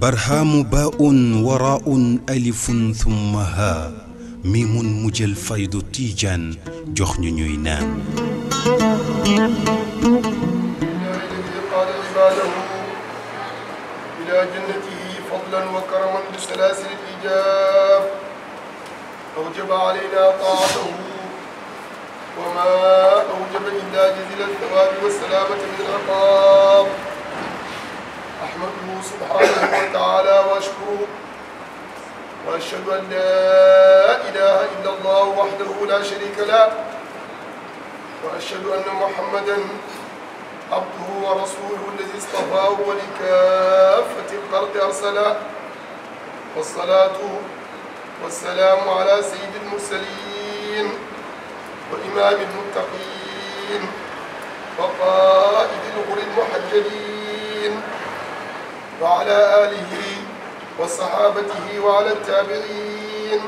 برهام باء وراء ألف ثم ها ميم مجل فيض تيجان جخن نينان إلى جنته فضلا وكرما بسلاسل الإجاب أوجب علينا طاعته وما أوجب إلا جزيل الثواب والسلامة من العقاب أحمده سبحانه وتعالى وأشكره وأشهد أن لا إله إلا الله وحده لا شريك له وأشهد أن محمدا عبده ورسوله الذي اصطفاه ولكافة الخلق أرسله والصلاة والسلام على سيد المرسلين وإمام المتقين وقائد الغر المحجلين وعلى آله وصحابته وعلى التابعين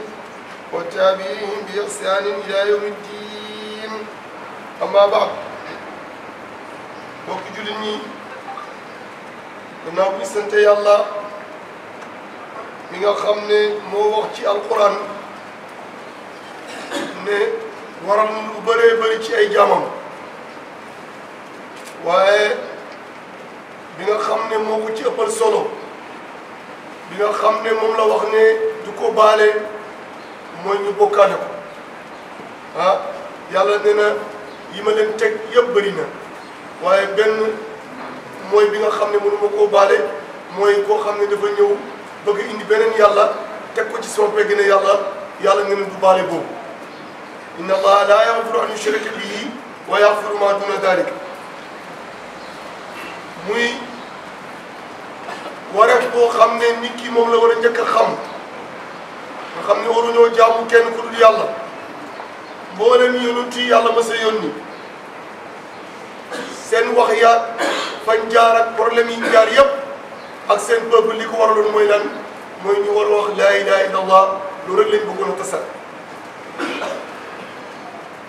وتابعيهم بإحسان إلى يوم الدين أما بعد mbokki jullit ñi gannaaw bi sante yàlla mi nga xam waral lu bëree bëri ci ay jaamam waaye bi nga xam ne moom ko ci ëppal solo bi nga xam ne moom la wax ne du ko baale mooy ñu bokkaale ko ah yàlla nee na ma leen teg yëpp bëri na waaye benn mooy bi nga xam ne mënu ma koo baale mooy koo xam ne dafa ñëw bëgg indi beneen yàlla teg ko ci sama pegg na yàlla yàlla nga na du baale boobu inna allaha la yaxfiru an yushraka bihi wa yaxfiru ma duna dalik muy wareef boo xam ne nit ki moom la war a njëkk a xam nga xam ne waruñoo jaamu kenn ku dul yàlla mboolem yonent yi yàlla ma sa yónni seen wax yaag fañ jaar ak problème yi ñu jaar yëpp ak seen peuple li ko waraloon mooy lan mooy ñu war wax laa ilaha illa allah loolu rek lañ bëggoon a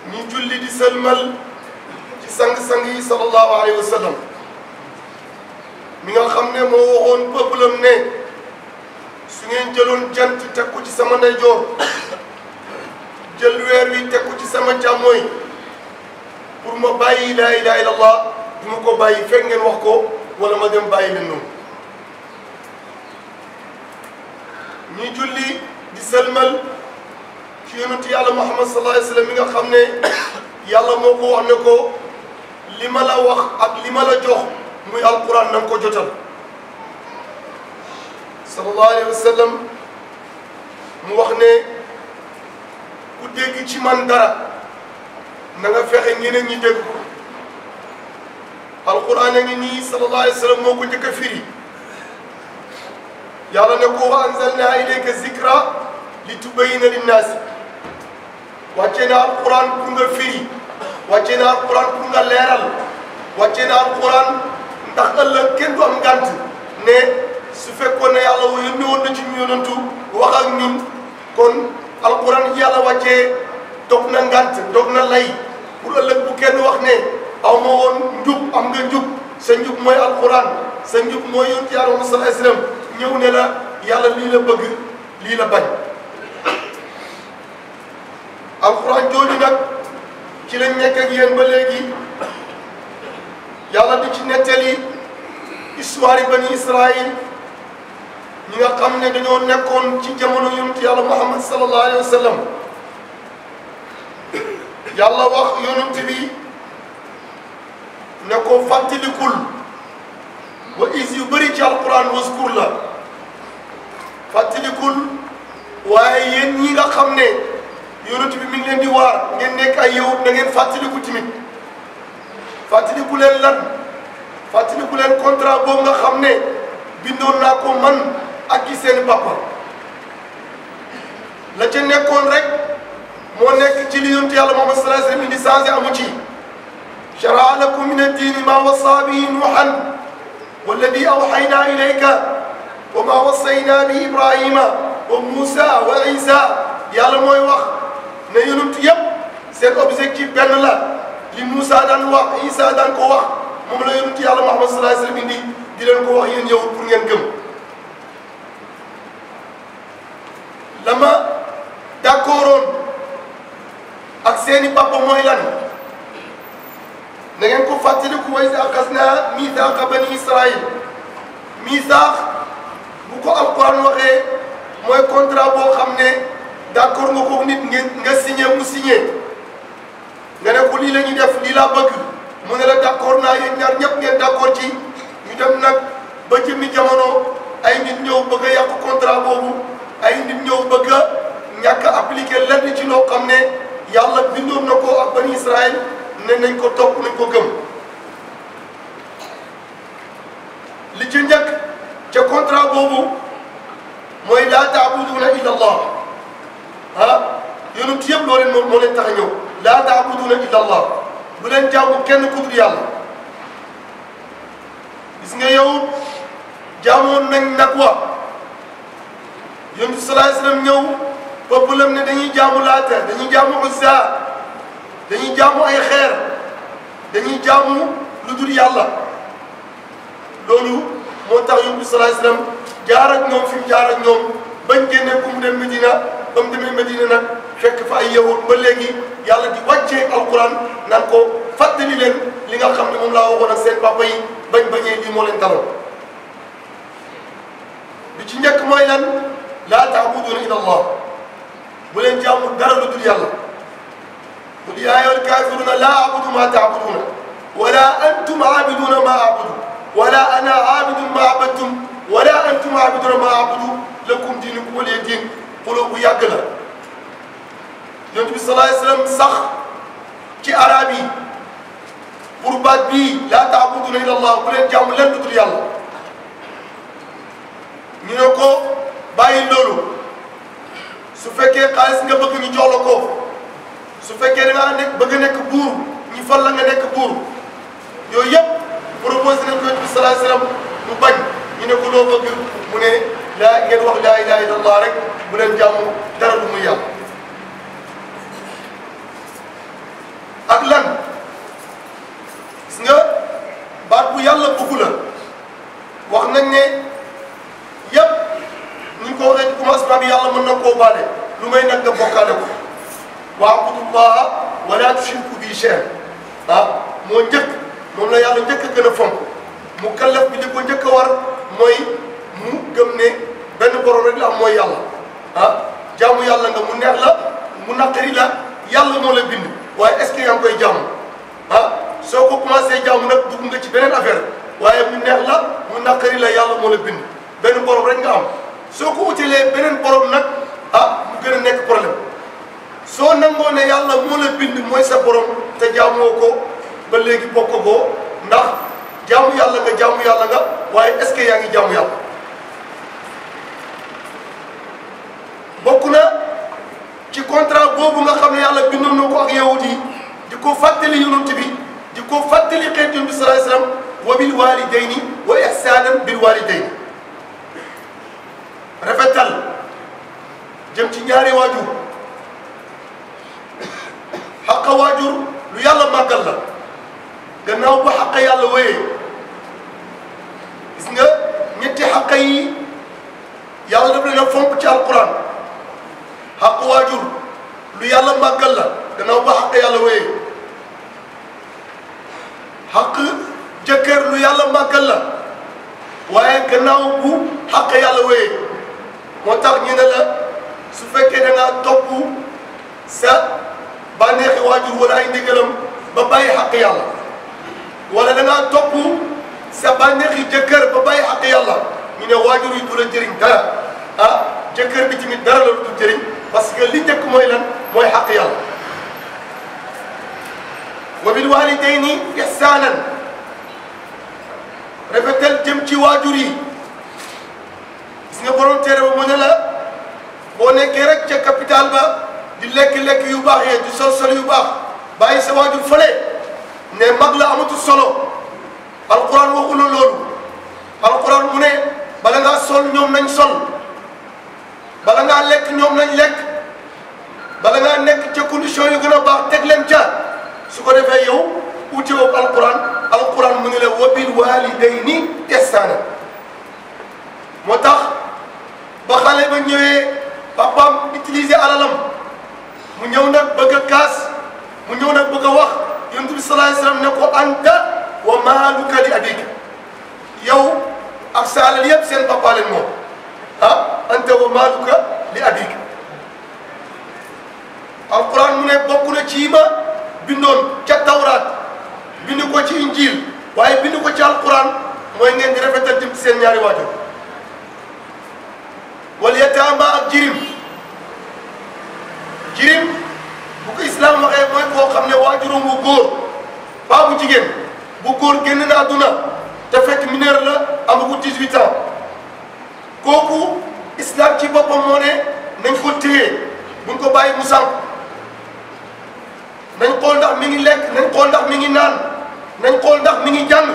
ñu julli di sëlmal ci sang-sang yi sallallahu alayhi wa sallam mi nga xam ne moo waxoon peuple am ne su ngeen jëloon jant teg ko ci sama ndeyjoor jël weer wi teg ko ci sama càmmooñ pour ma bàyyi laa ilaha illallah du ma ko bàyyi fekk ngeen wax ko wala ma dem bàyyi leen noonu ñu julli di sëlmal كيونتي يالا محمد صلى الله عليه وسلم ميغا خامني يالا موكو واخ نكو لما لا واخ اك لما لا جوخ موي القران نانكو جوتال صلى الله عليه وسلم مو واخ ني كو ديغي شي مان دارا نغا فخي ني ني ديغ القران ني صلى الله عليه وسلم موكو ديك فيري يالا نكو انزلنا اليك ذكرى لتبين للناس wàccee na alquran pour nga firi wàccee na alquran pour nga leeral wàccee na alquran ndax ëllëg kenn du am ngant ne su fekkoon ne yàlla yónni woon na ci ñu yonantu wax ak ñun kon alquran yàlla wàccee dog na ngant dog na lay pour ëllëg bu kenn wax ne aw ma woon njub am nga njub sa njub mooy alquran sa njub mooy yonantu yàlla sallallahu alayhi wasallam ñëw ne la yàlla lii la bëgg lii la bañ alxuraan jooju nag ci lañ nekk ak yéen ba léegi yàlla di ci nettali histoire bani Israël ñi nga xam ne dañoo nekkoon ci jamono yonent yàlla Muhammad sallallahu alayhi wa sallam yàlla wax yonent bi ne ko fàttalikul wa is yu bëri ci alxuraan waskur la fàttalikul waaye yéen ñi nga xam yonent bi mi ngi leen di waar ngeen nekk ay yow da ngeen fàttaliku timit fàttaliku leen lan fàttaliku leen contrat boobu nga xam ne bindoon naa ko man ak ki seen papa la ca nekkoon rek moo nekk ci li yonent yàlla Muhammad sallallahu alayhi wasallam di changé amu ci shara'a lakum min ad-diini maa wassaa bihi Nuuhan walladi awxaynaa ilayka wa maa wassayna bi Ibrahima wa Muusa wa Isa yàlla wax ne yonent yëpp seen objectif benn la li Moussa daan wax Issa daan ko wax moom la yonent yàlla Muhammad sallallahu alayhi wa sallam indi di leen wax yéen yow pour ngeen gëm lama d'accordoon ak seeni papa mooy lan na ngeen ko fàttaliku wa iz axadnaa miisaaqa bani Israa'iil miisaax bu ko alquran waxee mooy contrat boo xam ne d'accord nga ko nit nga signé mu signé nga ne ko lii la ñuy def lii laa bëgg mu ne la d'accord naa yéen ñaar ñëpp ngeen d'accord ci ñu dem nag ba jëmmi jamono ay nit ñëw bëgg yàq contrat boobu ay nit ñëw bëgg a ñàkk a appliqué lenn ci loo xam ne yàlla bindoon na ko ak bani Israël ne nañ ko topp nañ ko gëm li ci njëkk ca contrat boobu mooy laa taabuduuna illa allah ah yonent yëpp loo leen moo leen tax a ñëw laa taabuduna illa allah bu leen jaamu kenn ku dul yàlla gis nga yow jaamoon nañ nag wa yonent salaay salaam ñëw pëppalam ne dañuy jaamu laata dañuy jaamu uzza dañuy jaamu ay xeer dañuy jaamu lu dul yàlla loolu moo tax yonent salaay salaam jaar ak ñoom fi mu jaar ak ñoom bañ génne ku mu dem Medina bam demé Medina nak fekk fa ay yahud ba légui yàlla di waccé alquran nan ko fatali len li nga xamni mom la laa waxoon ak seen papa yi bañ bañé di mo len talo bi ci ñek moy lan la ta'budu illa allah bu len jaamu dara lu dul yàlla qul yaa ayyuhal kaafiruuna la a'budu ma taabuduuna ولا أنتم عابدون ما أعبد ولا أنا عابد ما عبدتم ولا أنتم عابدون ما أعبد لكم دينكم ولي دين xuloo bu yàgg la yonent bi sallallahu sax ci arab yi pour baat bii laa taabuduna illa allah bu leen jàmm leen dudul yàlla ñu ne ko bàyyi loolu su fekkee xaalis nga bëgg ñu su fekkee da ngaa nekk bëgg nekk buur ñu fal nga nekk buur yooyu yëpp proposé nañ ko yonent bi sallallahu alayhi bañ ñu ne ko mu ne laa ngeen wax laa ilaha illallah rek bu leen dara du muy yàqu lan gis nga baat bu yàlla bëgg wax nañ ne yëpp ñu ko waxee ci commencement bi yàlla mën na koo baale lu may nag nga bokkaale ko waabudullaha wala tushriku bi shay'an ah moo njëkk moom la yàlla njëkk a gën a kallaf bi li ko njëkk war mooy mu gëm ne benn borom rek la am mooy yàlla ah jaamu yàlla nga mu neex la mu naqari la yàlla moo la bind waaye est-ce que yaa ngi koy jaamu ah soo ko commencé jaamu nag dugg nga ci beneen affaire waaye mu neex la mu naqari la yàlla moo la bind benn borom rek nga am soo ko utalee beneen borom nag ah mu gën a nekk problème soo nangoo ne yàlla moo la bind mooy sa borom te jaamoo ko ba léegi bokk ko ndax jaamu yàlla nga jaamu yàlla nga waaye est-ce que yaa ngi jaamu yàlla. bokk na ci contrat boobu nga xam ne yàlla bindoon na ko ak yahud yi di ko fàttali yonent bi di ko fàttali xeet yonent bi sallallahu alayhi wasallam wa bil walidayni wa ihsanan bil walidayni rafetal jëm ci ñaari waajur xaqa waajur lu yàlla màggal la gannaaw ba xaqa yàlla wéyee gis nga ñetti xaqa yi yàlla daf leen a fonk ci alquran xàq waajur lu yàlla màggal la gannaaw ba xàq yàlla wéyee xàq jëkkër lu yàlla màggal la waaye gannaaw bu xàq yàlla wéyee moo tax ñu ne la su fekkee da ngaa topp sa bànneexi waajur wala ay ndigalam ba bàyyi xàq yàlla wala da ngaa topp sa bànneexi jëkkër ba bàyyi xàq yàlla ñu ne waajur yi du la jëriñ dara ah, jëkkër bi tamit dara du jëriñ parce que li njëkk mooy lan mooy xaq yàlla wa bil walidayni ihsanan rafetal jëm ci waajur yi gis nga borom téere ba mu ne la boo nekkee rek ca capital ba di lekk-lekk yu baax yee di sol sol yu baax bàyyi sa waajur fële ne mag la amatu solo alquran waxu la loolu alquran mu ne bala ngaa sol ñoom nañ sol bala ngaa lekk ñoom lañ lekk bala ngaa nekk ca condition yu gën a baax teg leen ca su ko defee yow uti woo alquran alquran mu ngi la wabil walidayni testaana moo tax ba xale ba ñëwee papaam utiliser alalam mu ñëw nag bëgg kaas mu ñëw nag bëgg a wax yonent bi sallallahu ne ko anta wa maaluka li abika yow ak sa alal yëpp seen papa leen moom ah anta wa maaluka li abika alquran mu ne bokk na ci ma bindoon ca tawraat bind ko ci injil waaye bind ko ci alquran mooy ngeen di rafetal jëm ci seen ñaari waajur wal yataama ak jirim jirim bu ko waxee mooy koo xam ne waajuram bu góor baa jigéen bu góor génn na àdduna te fekk mineur la kooku islam ci boppam moo ne nañ ko téye buñ ko bàyyi mu sànq nañ xool ndax mi ngi lekk nañ xool ndax mi ngi naan nañ xool ndax mi ngi jàng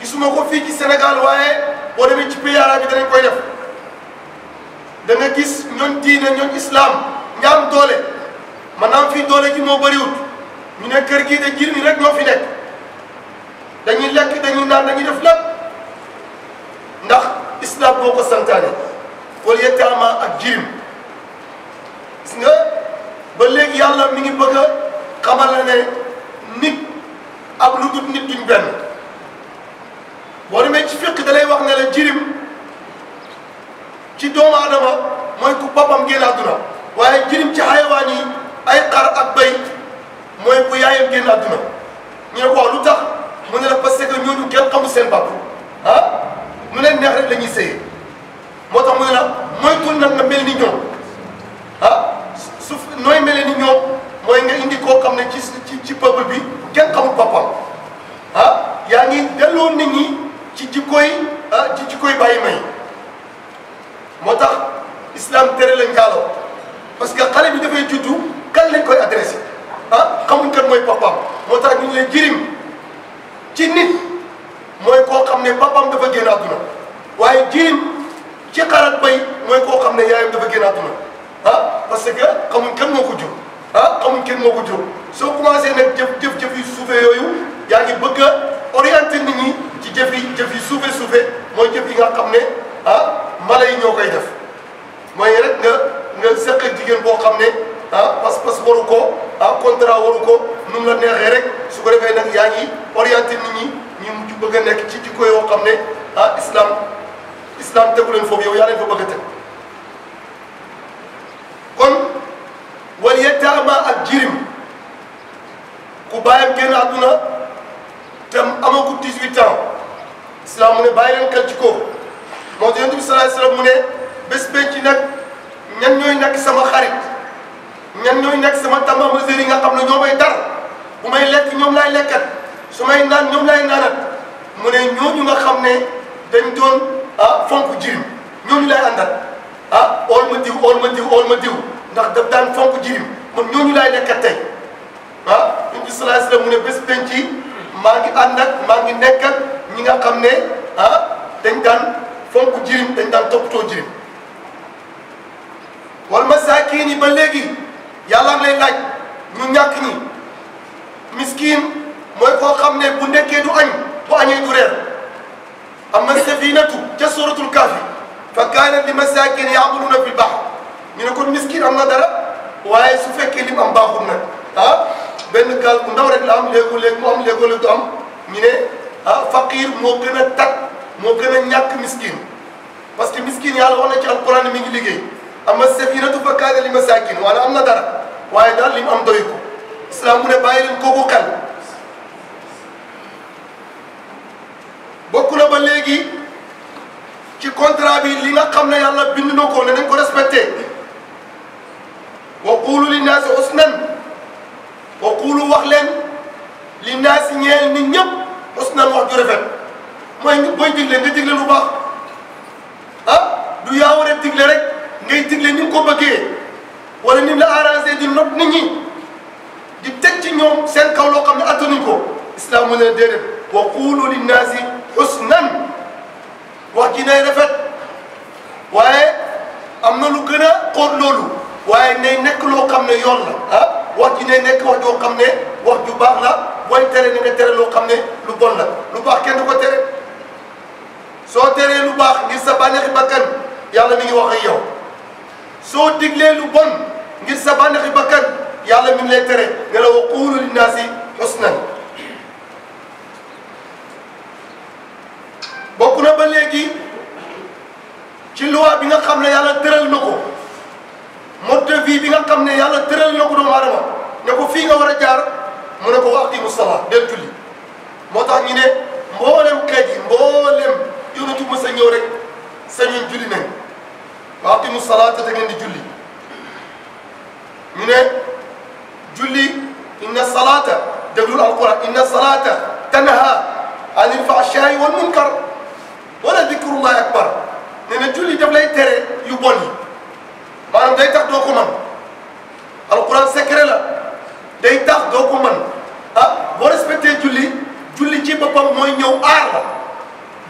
gisuma ko fii ci Sénégal waaye boo demee ci pays arabe bi danañ koy def da gis ñoon diine ñoon islam ñaam doole maanaam fii doole ci moo bëriwut ñu ne kër gii de jir ni rek ñoo fi nekk dañuy lekk dañuy naan dañuy def lépp ndax islam boo ko santaane wala yettaama ak jirim gis nga ba léegi yàlla mi ngi bëgg a la ne nit ak lu dul nit duñ benn boo demee ci fiq da lay wax ne la jirim ci doomu adama mooy ku boppam génn àdduna waaye jirim ci xayawaan yi ay xar ak béy mooy ku yaayam génn àdduna ñu ne ko lu tax mu ne la parce que ñooñu kenn seen bopp nu leen neex rek la ñuy sëyee moo tax muy la moytul nag nga mel ni ñoom ah su nooy mel ni ñoom mooy nga indi koo xam ne ci ci ci peuple bi kenn xamul boppam ah yaa ngi delloo nit ñi ci ah, ci koy ci jikkooy bàyyi may moo tax islam tere lañ ngaaloo parce que xale bi dafay juddu kan lañ koy adressé ah xamuñ kan mooy boppam moo tax ñu ngi lay ci nit. mooy koo xam ne papam dafa génn àdduna waaye jirim ci xarat bay mooy koo xam ne yaayam dafa génn àdduna ah parce que xamuñ kenn moo ko jur ah xamuñ kenn moo ko jur soo commencé nag jëf jëf jëf yu suufe yooyu yaa ngi bëgg a orienté ñi ci jëf yi jëf yi suufe suufe mooy jëf nga xam ne ah mala yi ñoo koy def mooy rek nga nga sëq jigéen boo xam ne ah pas-pas waru ko ah contrat waru ko nu mu la neexee rek su ko defee nag yaa ngi orienté nit ñi bëgg a nekk ci jikko yoo xam ne ah islam islam tegu leen foofu yow yaa leen fa bëgg a teg kon wal yataama ak jirim ku bàyyam génn àdduna te amagu 18 ans islam mu ne bàyyi leen kal ci ko moo yonent bi sallallahu alayhi wasallam mu ne bés benn ci nag ñan ñooy nekk sama xarit ñan ñooy nekk sama tamba mesure yi nga xam ne ñoo may dar bu may lekk ñoom laay lekkat su may naan ñoom laay naanat mu ne ñooñu nga xam ne dañ doon ah fonk jirim ñooñu lay àndal ah ool ma diw ool ma diw ool ma diw ndax daf daan fonk jirim man ñooñu laay nekkat tey ah ñun bi sallallahu alayhi wasallam mu ne bés penc yi maa ngi ànd ak maa ngi nekk ñi nga xam ne ah dañ daan fonk jirim dañ daan toppatoo jirim walma masaakiin i ba léegi yàlla lay laaj ñu ñàkk ñi miskin mooy koo xam ne bu nekkee du añ bu añee du reer amma safinatu ca suratul kaafi fa kaanat li masaakin yaabuluuna fi bahr ñu ne kon miskin am na dara waaye su fekkee lim am baaxul na ah benn gaal bu ndaw rek la am léegoo-léeg mu am léegoo léeg du am ñu ne ah faqir moo gën a moo gën a ñàkk miskin parce que miskin yàlla wax na ci alquran mi ngi liggéey amma safinatu fa kaanat li masaakin wala am na dara waaye daal lim am doy ko islam mu ne bàyyi leen kooku xel bokk na ba léegi ci contrat bi li nga xam ne yàlla bind na ko ne nañ ko respecté wa quulu li naasi usnan wa quulu wax leen li naasi ñeel nit ñëpp usnan wax ju rafet mooy booy digle nga digle lu baax ah du yaa war digle rek ngay digle ni ko bëggee wala ni la arrangé di not nit ñi di teg ci ñoom seen kaw loo xam ne attanuñ ko islam mu ne déedéet wa quulu li naasi husnan wax ji nay rafet waaye am na lu gën a xóot loolu waaye nay nekk loo xam ne yoon la ah wax ji nay nekk wax joo xam ne wax ju baax la booy tere ni nga tere loo xam ne lu bon la lu baax kenn du ko tere soo teree lu baax ngir sa bànneexi bakkan yàlla mi ngi wax ak yow soo diglee lu bon ngir sa bànneexi bakkan yàlla mi ngi lay tere nga la wa quulu linnaasi husnan loi bi nga xam ne yàlla tëral na ko mode de bi nga xam ne yàlla tëral na ko doomu ne ko fii nga war a jaar mu ne ko wax di musala del julli moo tax ñu ne mboolem xeet yi mboolem yonatu mos a ñëw rek sañuñ julli nañ wax di musala te da ngeen di julli ñu ne julli inna salata déglul alquran inna salata tanha anil fahshai wal munkar wala dikrullahi akbar nee na julli daf lay tere yu bon yi maanaam day tax doo ko mën alxuraan secret la day tax doo ko mën ah boo respecté julli julli ci boppam mooy ñëw aar la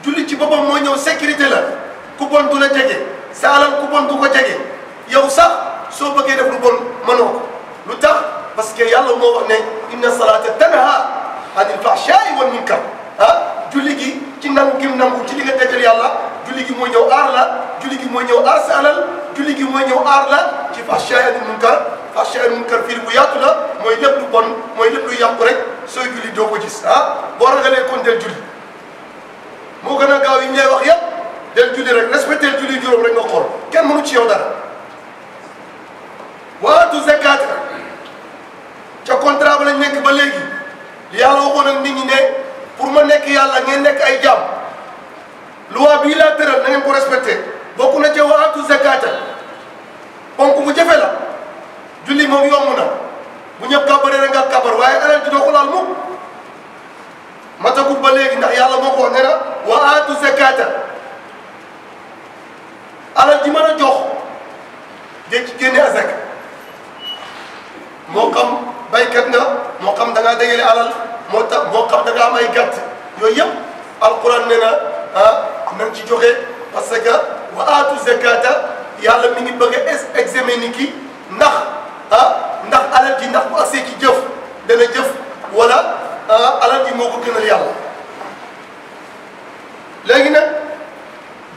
julli ci boppam mooy ñëw sécurité la ku bon du la jege sa ku bon du ko jege yow sax soo bëggee def lu bon mënoo ko lu tax parce que yàlla moo wax ne inna salaata tanha anil fahshaa'i wal munkar ah julli gi ci nangu kim nangu ci li nga dajal yàlla julli gi mooy ñëw aar la julli gi mooy ñëw aar sa alal julli gi mooy ñëw aar la ci fahsha ak ya munkar fahsha ak ya munkar firi bu yaatu la mooy lépp lu bon mooy lépp lu rek julli ko gis ah boo ragalee kon del julli moo gën a gaaw yi ngay wax yépp del julli rek respecté julli juróom rek nga xool kenn mënu ci yow dara waatu zakat ca contrat ba lañ nekk ba léegi ak nit ñi ne pour ma nekk yàlla ngeen nekk ay loi bii laa tëral na ngeen ko respecté bokk na ca waatu zakata ponk bu jafe la julli moom yomb na bu ñëpp kàbbaree rek nga kàbbar waaye alal ji doo ko laal mukk ba léegi ndax yàlla moo ko nee na waatu zakata alal ji mën a jox dee ci génne azak moo xam baykat nga moo xam da ngaa dajale alal moo tax moo xam da ngaa am ay gàtt yooyu yëpp alquran nee na ah nañ ci joxe parce que wa aatu zakata yàlla mi ngi bëgg a examiner ni ki ndax ah ndax alal ji ndax bu agsee ci jëf dana jëf wala ah, alal ji moo ko gënal yàlla léegi nag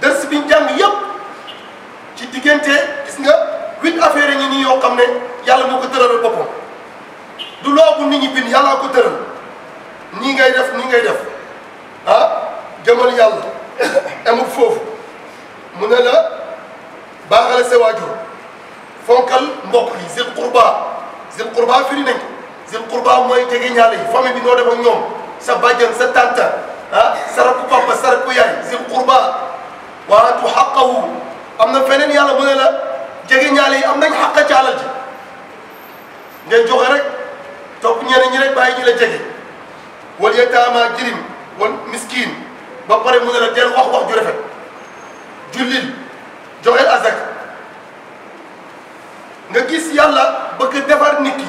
dërs bi ñu jàng yëpp ci diggante gis nga huit affaire yi ñu nii yoo xam ne yàlla moo ko tëralal boppam du loo bu nit bind yàlla ko tëral nii ngay def nii ngay def ah jëmal yàlla amul foofu mu ne la baaxale sa waajur fonkal mbokk yi zil qurba zil qurba firi nañ ko zil qurba mooy jege ñaale yi famille bi noo def ak ñoom sa bàjjan sa tànta ah sa papa sa yaay zil qurba waatu xaqahu am na yàlla mu la jege ñaale yi am nañ ci alal ji ngeen joxe rek topp ñeneen ñi rek bàyyi ñu la jege wal yataama jirim wal miskin ba pare mu ne la del wax wax ju rafet jullil joxeel azak nga gis yàlla bëgg defar nit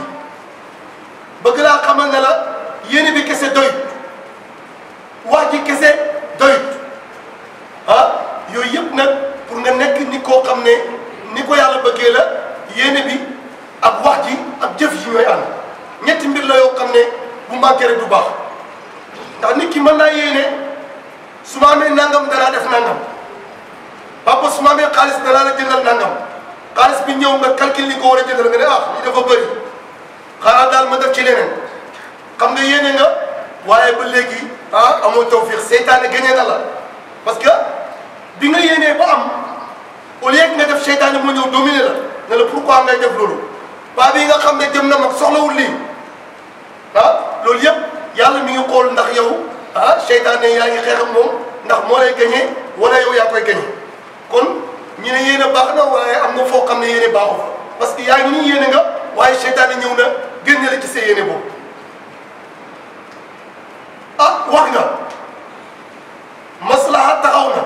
bëgg laa xamal ne la yéene bi kese doyut wax ji kese doyut ah yooyu yëpp nag pour nga nekk ni koo xam ne ni ko yàlla bëggee la yéene bi ak wax ji ak jëf yi ñooy ànd ñetti mbir la yoo xam ne bu manqué rek du baax ndax nit ki mën naa yéene su ma amee nangam danaa def nangam papa su ma amee xaalis danaa la jëndal nangam xaalis bi ñëw nga calcul li ko war a jëndal nga ne ah li dafa bëri xaaral daal ma def ci leneen xam nga yéene nga waaye ba léegi ah amoo tawfiix seytaane gañee na la parce que bi nga yéenee ba am au lieu que nga def seytaan moo ñëw dominé la ne la pourquoi ngay def loolu paa nga xam ne jëm na mag soxlawul lii ah loolu yëpp yàlla mi ngi xool ndax yow ah seytaane yaa ngi xeex moom ndax moo lay gañee wala yow yaa koy gañe kon ñu ne yéen a baax na waaye am na foo xam ne yéen a baaxul parce que yaa ngi nii nga waaye seytaane ñëw na génne la ci sa yéene boobu ah wax nga maslaha taxaw na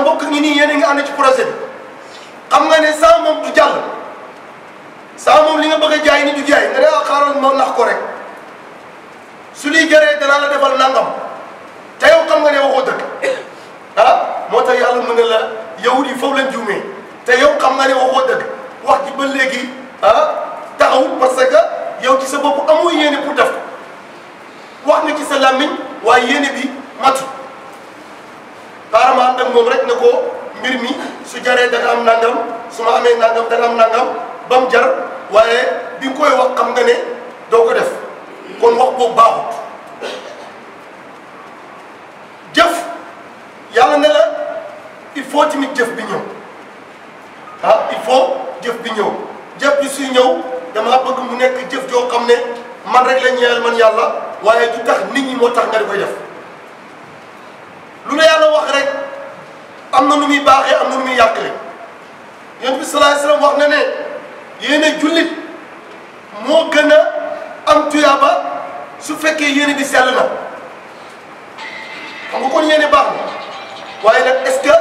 mbokk ngi nii yéene nga ànd ci projet xam nga ne saa moom du jàll saa moom li nga bëgg a jaay ni du jaay nga ne ah, xaaral ma nax ko rek su lii jëree danaa la defal nangam te yow xam nga ne waxoo dëgg ah, moo tax yàlla mën na la yow yi foofu lañ juumee te yow xam nga ne waxoo dëgg wax ji ba léegi ah taxaw parce que yow ci sa bopp amoo yéene pour def ko wax nga ci sa làmmiñ waaye yéene bi matu apparemment ak moom rek ne ko mbir mi su jaree danga am nangam su ma amee nangam danga am nangam ba mu jar waaye bi nga koy wax xam nga ne doo ko def. kon wax boobu baaxut jëf yàlla ne la il faut tamit jëf bi ñëw ah il faut jëf bi ñëw jëf bi suy ñëw dama bëgg mu nekk jëf joo xam ne man rek la ñeel man yàlla waaye du tax nit ñi moo tax nga di koy def lu la yàlla wax rek am na lu muy baaxee am na nu muy yàqale yonent bi sallallahu alayhi wasallam wax na ne yéene bi sell na xam nga kon yéene baax na waaye nag est-ce que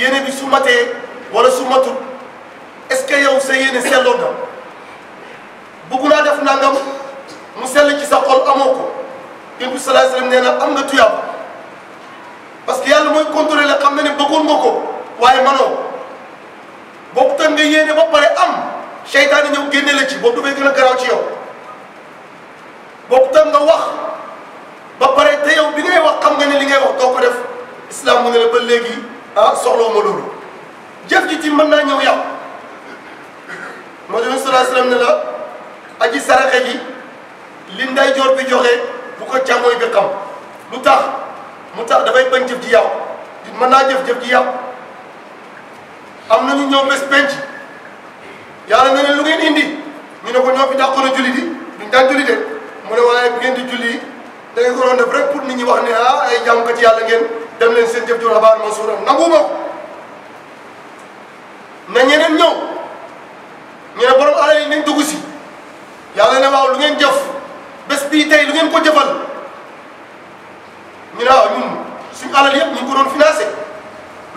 yéene bi su matee wala su matul est-ce que yow sa yéene selloon na bëgg naa def nangam mu sell ci sa xol amoo ko yéen bi sallallahu nee na am nga tuyaab parce que yàlla mooy contrôler la xam na ne bëggoon nga ko waaye manoo boobu tam nga yéene ba pare am seytaane ñëw génne la ci boobu dafay gën a garaaw ci yow boobu tam nga wax ba pare te yow bi ngay wax xam nga ne li ngay wax doo ko def islam mu ne la ba léegi ah soxloo ma loolu jëf ji ci mën naa ñëw yàqu moo tax sallallahu alayhi wasallam ne la aji saraxe ji li ndeyjoor bi joxe bu ko càmmooñ bi xam lu tax mu tax dafay bañ jëf ji yàqu mën naa jëf jëf ji yàqu am na ñu ñëw bés penc yàlla ne leen lu ngeen ñu ne ko ñoo fi dàqoon a julli di duñ daan julli de mu ne waaye bu ngeen di julli da ngeen ko doon def rek pour nit ñi wax ne ah ay jàmmkat yàlla ngeen dem leen seen jëf ju xabaar Mansour nanguma ko na ñeneen ñëw ñu ne borom alal yi nañ dugg si yàlla ne waaw lu ngeen jëf bés bii tey lu ngeen ko jëfal ñu ne waaw ñun suñu alal yëpp ñu ko doon financé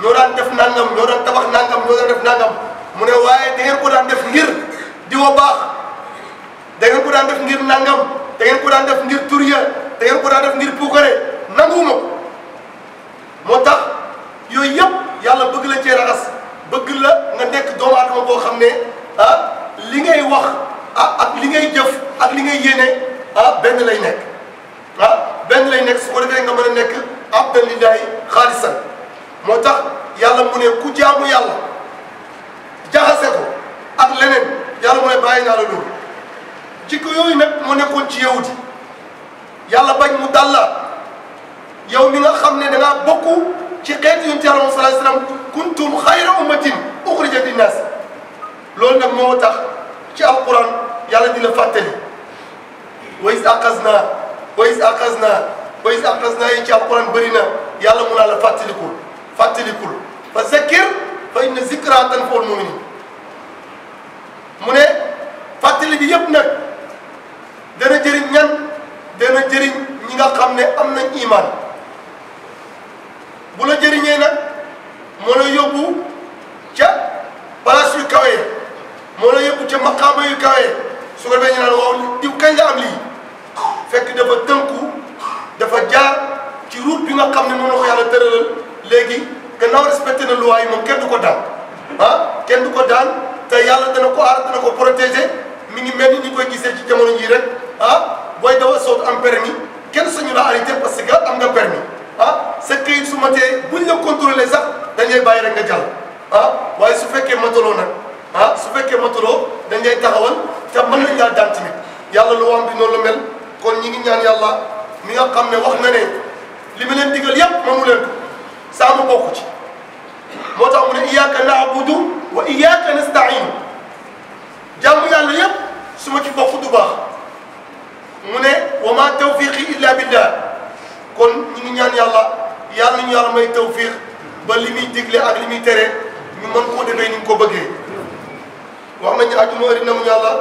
ñoo daan def nangam ñoo daan tabax nangam ñoo daan def nangam mu ne waaye da ngeen ko daan def ngir di baax da ngeen ko daan def ngir nangam da ngeen ko daan def ngir tur ya. te ko bu daa def ngir puukare nanguwuma ko moo tax yooyu yëpp yàlla bëgg la cee raxas bëgg la nga nekk doomu aadama boo xam ne ah, li ngay wax ah, ak li ngay jëf ak li ngay yéene ah benn lay nekk ah benn lay nekk su ko defee nga mën a nekk abdan lillahi xaalisan moo tax yàlla mu ne ku jaamu yàlla jaxase ko ak leneen yàlla mu ne bàyyi naa la loolu jikko yooyu nag moo nekkoon ci yahudi yàlla bañ mu dal la yow nga xam ne da ngaa bokk ci xeetu yonent yàlla sallallahu alayhi wasallam kuntum xayra ummatin uxrijat linnaas loolu nag moo tax ci alquran yàlla di la fàttali wa iz aqaznaa wa iz aqaznaa wa iz yi ci alquran bëri na yàlla mu naa la fàttalikul fàttalikul fa zakkir fa inna zikraa tanfa'ul mu'miniin mu ne fàttali bi yëpp nag dana jëriñ dana jëriñ ñi nga xam ne am nañ iman bu la jëriñee nag moo la yóbbu ca place yu kawe moo la yóbbu ca maqaama yu kawe su ko defee ñu diw kañ la am lii fekk dafa tënku dafa jaar ci route bi nga xam ne moom la ko yàlla tëralal léegi gannaaw respecté na loi yi moom kenn du ko daan ah kenn du ko daan te yàlla dana ko aar dana ko protégé mi ngi mel ni ñu koy gisee ci jamono jii rek. booy dawal sootu am permis kenn ñu la arrêté parce que am nga permis ah sa këyit su matee buñ la contrôlé sax dañ lay bàyyi rek nga jàll ah, waaye su fekkee ma mataloo nag ah su fekkee mataloo dañ lay taxawal te mën nañ laa daan tamit yàlla lu wam bi la mel kon ñi ngi ñaan yàlla mi nga xam ne wax na ne li ma leen digal yépp ma mu leen ko saa ma bokk ci moo tax mu ne iyyaka na'budu wa iyyaka nasta'in jàmm yàlla yépp su ma ci bokk du baax mu ne wa ma tawfiqi illa billah kon ñu ngi ñaan yàlla yàlla ñu yàlla may tawfiq ba li muy digle ak li muy tere ñu mën koo defee ni ñu ko bëggee wax nañu ajuma ëri namu yàlla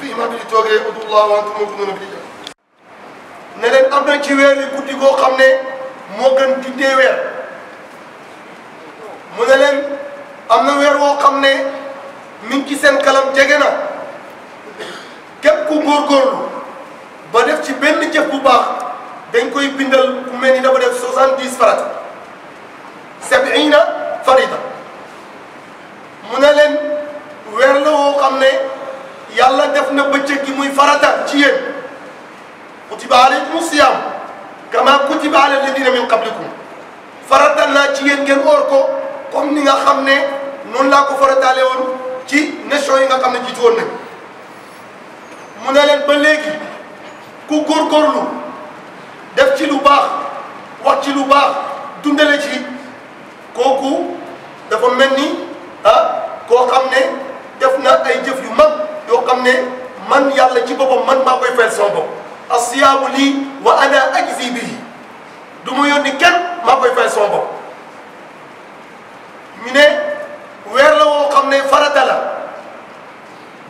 fi imam bi di toogee udullah wa antum mu'minun bi am na ci weer yi guddi goo ne moo gën dindee weer mu ne leen am na weer woo xam ne mi ci seen kalam jege na képp ku góorgóorlu ba def ci benn jëf bu baax dañ koy bindal ku mel ni dafa def soixante-dix farata sabiina farida mu ne leen weer la woo xam ne yàlla def na bëccëg gi muy farata ci yéen kutiba alaykum siyaam kama kutiba ala alladina min qablikum farata naa ci yéen ngeen woor ko comme ni nga xam ne noonu laa ko farataale woon ci nation yi nga xam ne jiitu woon nañ mu na leen ba léegi ku góorgóorlu def ci lu baax wax ci lu baax dundale ci kooku dafa mel ni ah koo xam ne def na ay jëf yu mag yoo xam ne man yàlla ci boppam man maa koy fayal sama bopp asiyaabu lii wa ana ajzi bihi du ma yónni kenn maa koy fayal sama ñu ne weer la woo xam ne farata la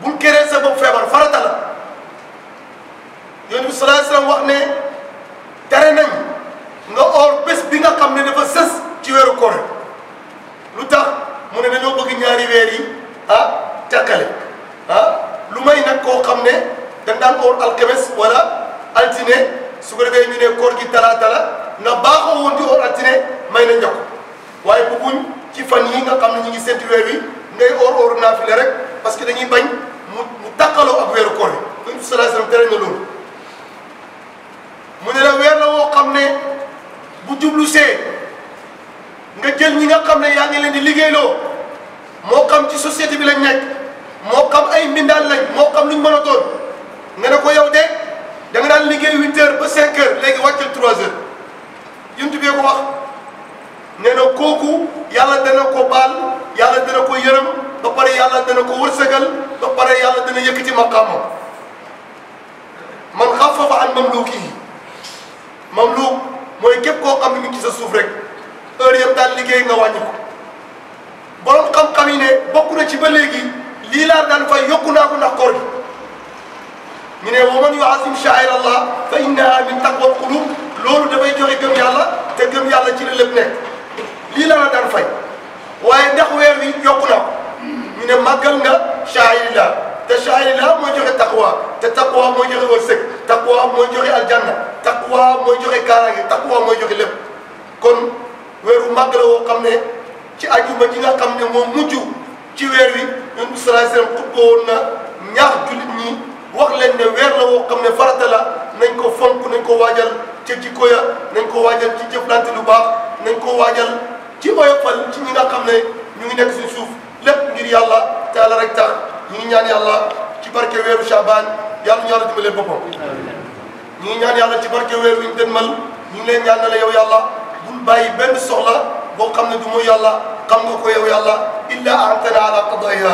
bul kéré sa bopp feebar farata la yonent bi sallallahu alayhi wasallam wax ne tere nañ nga or bés bi nga xam ne dafa sës ci weeru koor lu tax mu ne dañoo bëgg ñaari weer yi ah takkale ah lu may nag koo xam ne dañ daan or alkemes wala altine su ko defee ñu ne koor gi talaata la na baaxoo woon di or altine may na njëkk waaye bëgguñ ci fan yi nga xam ne ñu ngi séntu weer wi ngay or or naafile rek parce que dañuy bañ mu mu takkaloo ak weeru koor yi. sallallahu alayhi wasallam tere na loolu. mu ne na weer la woo xam ne bu jublu see nga jël ñi nga xam ne yaa ngi leen di liggéeyloo moo xam ci société bi lañ nekk moo xam ay mbindaan lañ moo xam luñ mën a doon nga ne ko yow de danga daan liggéey huit heures ba cinq heures léegi wàccal trois heures yuntu bee ko wax nee na kooku yàlla dana ko baal la dana ko yërëm ba pare yàlla dana ko wërsëgal ba pare yàlla dana yëkkati maqaamam man xafafa an mamluukihi mamluuk mooy képp koo xam ne mi ngi sa suuf rek heure yëpp daal liggéey nga wàññi ko borom xam-xam yi ne bokk na ci ba léegi lii laa daan fay yokku naa ko ndax koor gi ñu ne wa man yuazim sha'air allah fa innaha min taqwa qulub loolu dafay joxe gëm yàlla te gëm yàlla ci la lépp nekk lii laa daan fay waaye ndax weer wi yokku naa ko ñu ne màggal nga sha'airillah te sha'airillah mooy joxe taqwa te taqwa mooy joxe wërsëg taqwa mooy joxe aljanna taqwa mooy joxe kaaraange taqwa mooy joxe lépp kon weeru màgg la woo xam ne ci ajuma ji nga xam ne moo mujj ci weer yi ñun bi sallallahu alayhi wasallam xutba na ñaax jullit ñi wax leen ne weer la woo xam ne farata la nañ ko fonk nañ ko waajal ci jikko ya nañ ko waajal ci jëflante lu baax nañ ko waajal ci oyofal ci ñi nga xam ne ñu ngi nekk suñ suuf lépp ngir yàlla te yàlla rek tax ñu ngi ñaan yàlla ci barke weeru Shaabaan yàlla ñu yàlla dimbalee boppam ñu ngi ñaan yàlla ci barke weer wi ñu dënmal ñu ngi leen ñaan la yow yàlla bul bàyyi benn soxla boo xam ne du mooy yàlla xam nga ko yow yàlla illa antana ala qadaiha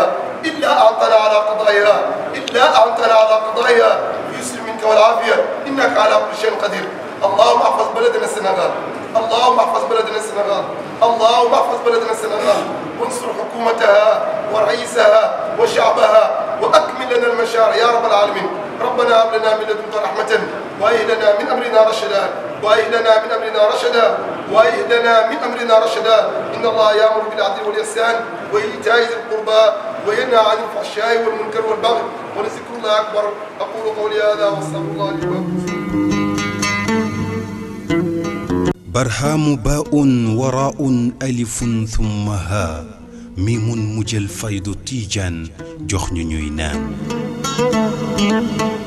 illa antana ala qadaiha illa antana ala qadaiha yusri minka wal afiya innaka ala kulli shay'in qadir اللهم احفظ بلدنا السنغال اللهم احفظ بلدنا السنغال اللهم احفظ بلدنا السنغال وانصر حكومتها ورئيسها وشعبها واكمل لنا المشاعر يا رب العالمين ربنا هب لنا من لدنك رحمة لنا من أمرنا رشدا لنا من أمرنا رشدا لنا من أمرنا رشدا إن الله يأمر بالعدل والإحسان وإيتاء ذي القربى وينهى عن الفحشاء والمنكر والبغي ولذكر الله أكبر أقول قولي هذا وأستغفر الله لي ولكم برهام باء وراء ألف ثم ها ميم مجل فيض تيجان جخن نينان Thank you.